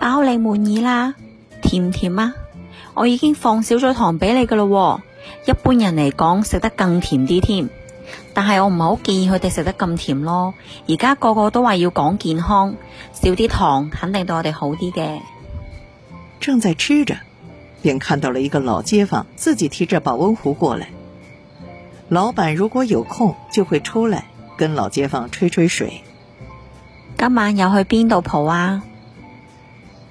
包你滿意啦，甜唔甜啊？我已經放少咗糖俾你噶啦喎，一般人嚟講，食得更甜啲添。但係我唔好建議佢哋食得咁甜咯。而家個個都話要講健康，少啲糖肯定對我哋好啲嘅。正在吃着，便看到了一個老街坊自己提着保溫壺過來。老闆如果有空，就會出來跟老街坊吹吹水。今晚又去邊度蒲啊？